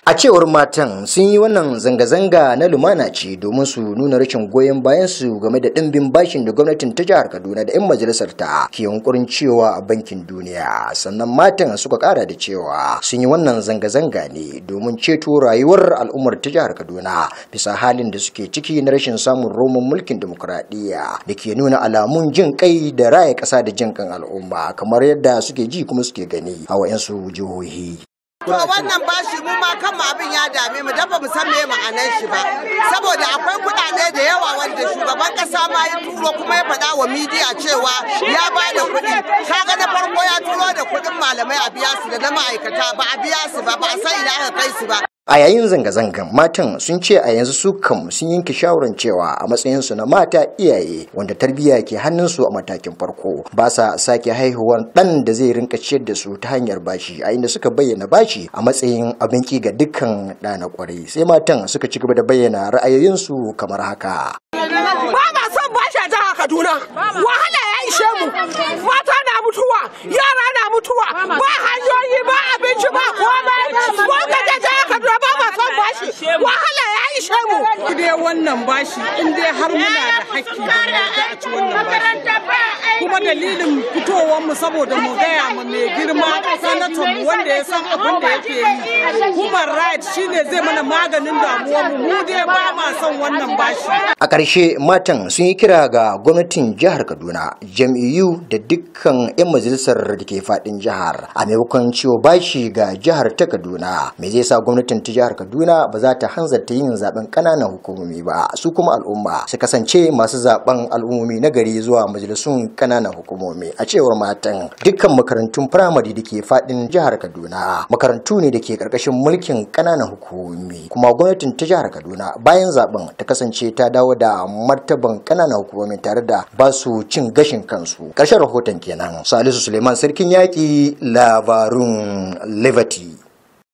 A cewar matan sun yi wannan zanga-zanga na lumana ce domin su nuna rashin goyon bayan su game da ɗimbin bashin da gwamnatin ta jihar Kaduna da 'yan majalisar ta ke yunkurin cewa a bankin duniya. Sannan matan suka kara da cewa sun yi wannan zanga-zanga ne domin ceto rayuwar al'ummar ta jihar Kaduna bisa halin da suke ciki na rashin samun roman mulkin demokuraɗiyya da ke nuna alamun jin kai da raya ƙasa da jin kan al'umma kamar yadda suke ji kuma suke gani a wayansu jihohi. To wannan bashi mu ma kanmu abin ya dame mu dafa mu san me ma'anar shi ba saboda akwai kuɗaɗe da yawa wanda shugaban kasa ma ya turo kuma ya faɗa wa midiya cewa ya ba da kuɗi kaga na farko ya turo da kuɗin malamai a biya su da na ma'aikata ba a biya su ba ba a san ina aka kai su ba a yayin zanga-zangan matan sun ce a yanzu su kam sun yanke shawarar cewa a matsayinsu na mata iyaye wanda tarbiyya ke hannunsu a matakin farko ba sa sake haihuwar ɗan da zai rinka ciyar da su ta hanyar bashi a inda suka bayyana bashi a matsayin abin ki ga dukkan da na kwarai sai matan suka ci gaba da bayyana ra'ayoyinsu kamar haka. Ba ma son bashi a Kaduna wahala ya ishe mu wannan bashi in dai har muna da hakki da a ci wannan bashi kuma dalilin fitowar mu saboda mu gaya mu mai girma sanatan wanda ya san abin da yake yi human right shine zai mana maganin damuwar mu mu dai ba ma son wannan bashi a ƙarshe matan sun yi kira ga gwamnatin jihar Kaduna jam'iyyu da dukkan 'yan majalisar da ke fadin jihar a maimakon ciwo bashi ga jihar ta Kaduna me zai sa gwamnatin ta jihar Kaduna ba za ta hanzarta yin zaben kananan hukumomi ba su kuma al'umma su kasance masu zaben al'umomi na gari zuwa majalisun kananan ƙananan hukumomi a cewar matan dukkan makarantun firamare da ke faɗin jihar Kaduna makarantu ne da ke ƙarƙashin mulkin ƙananan hukumomi kuma gwamnatin ta jihar Kaduna bayan zaben ta kasance ta dawo da martaban kananan hukumomi tare da ba su cin gashin kansu ƙarshen rahoton kenan Salisu Suleiman sarkin yaƙi labarun Liberty